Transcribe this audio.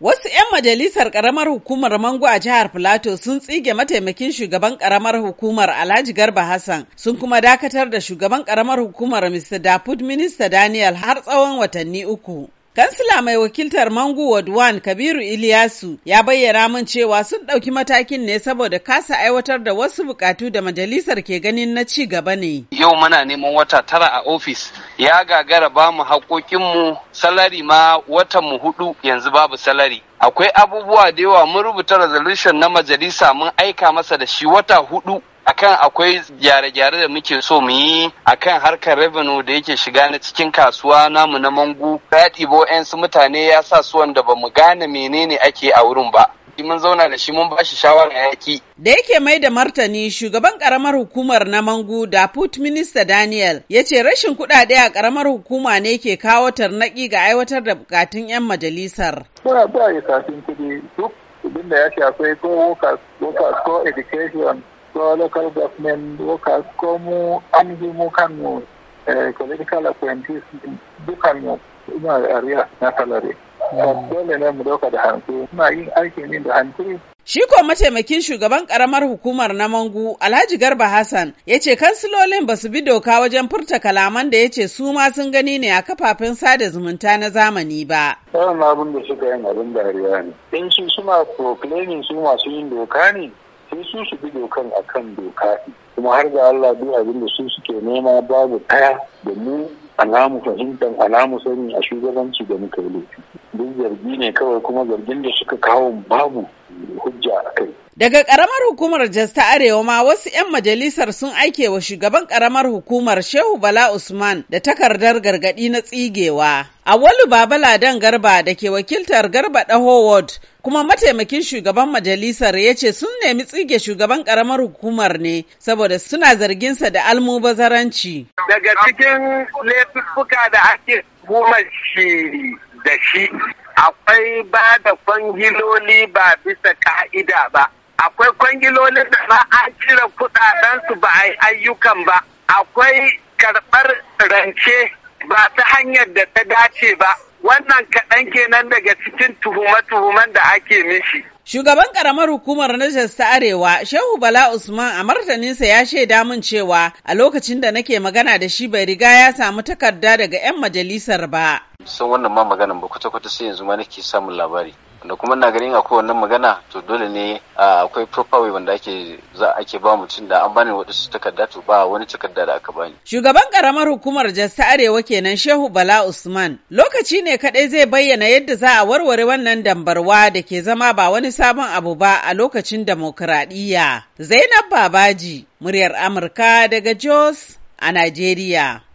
Wasu 'yan majalisar ƙaramar hukumar Mango a jihar Filato sun tsige mataimakin shugaban ƙaramar hukumar Alhaji Garba Hassan sun kuma dakatar da shugaban ƙaramar hukumar Mr. Daput Minista Daniel har tsawon watanni uku. Kansila mai wakiltar Mangu Ward Kabiru Iliyasu ya bayyana min cewa sun ɗauki matakin ne saboda kasa aiwatar da wasu bukatu da majalisar ke ganin na ci gaba ne. Yau muna neman wata tara a ofis ya gagara ba mu haƙoƙinmu salari ma watan mu hudu yanzu babu salari. Akwai abubuwa da yawa mun rubuta resolution na majalisa mun aika masa da shi wata hudu akan akwai gyare-gyare da muke so mu yi akan harkar revenue da yake shiga na cikin kasuwa namu na mangu ya ɗibo su mutane ya sa su wanda bamu gane menene ake a wurin ba mun zauna da shi mun bashi shawara yaki. Da yake mai da martani shugaban karamar hukumar na Mangu da Put minister Daniel ya ce rashin kuɗaɗe a karamar hukuma ne ke kawo tarnaƙi ga aiwatar da bukatun 'yan majalisar. Ba ba ya kafin kuɗi duk abin da ya shafi ko ko education explore local government workers ko mu an yi mu kanmu political appointees mu ina da area na salary dole ne mu doka da hantu muna yin aikin ne da hankali Shi ko mataimakin shugaban karamar hukumar na Mangu, Alhaji Garba Hassan, ya ce kansilolin ba su bi doka wajen furta kalaman da ya ce su ma sun gani ne a kafafen sada zumunta na zamani ba. Yawan abin da suka yin abin dariya ne. In su suna proclaiming su masu yin doka ne, sai su su bi dokan a kan doka kuma har da Allah duk abin da su suke nema babu ɗaya da mu alamu fahimtar alamu sani a shugabanci da muka yi laifi duk zargi ne kawai kuma zargin da suka kawo babu hujja a kai. Daga karamar hukumar Jas ta Arewa ma wasu 'yan majalisar sun aike wa shugaban karamar hukumar Shehu Bala Usman da takardar gargadi na tsigewa. Awalu Babaladan Garba da ke wakiltar Garba Daho Ward kuma mataimakin shugaban majalisar ya ce sun nemi tsige shugaban karamar hukumar ne saboda suna zarginsa da almubazaranci. Daga cikin laifuffuka da ake da shi akwai ba da kwangiloli ba bisa ka'ida ba akwai kwangilolin da ba a cire kudadensu ba a yi ayyukan ba akwai karɓar rance ba ta hanyar da ta dace ba wannan kaɗan kenan daga cikin tuhume-tuhumen da ake mishi. Shugaban karamar hukumar Najas ta Arewa, Shehu Bala Usman a martaninsa ya shaida mun cewa a lokacin da nake magana da shi bai riga ya samu takarda daga 'yan majalisar ba. san wannan ma maganan ba kwata-kwata sai yanzu ma nake samun labari wanda kuma na ganin akwai wannan magana to dole ne akwai proper way wanda ake za ake ba mutum da an bani wadansu takarda to ba wani takarda da aka bani shugaban karamar hukumar jasta arewa kenan shehu bala usman lokaci ne kadai zai bayyana yadda za a warware wannan dambarwa da ke zama ba wani sabon abu ba a lokacin demokradiyya zainab babaji muryar amurka daga jos a najeriya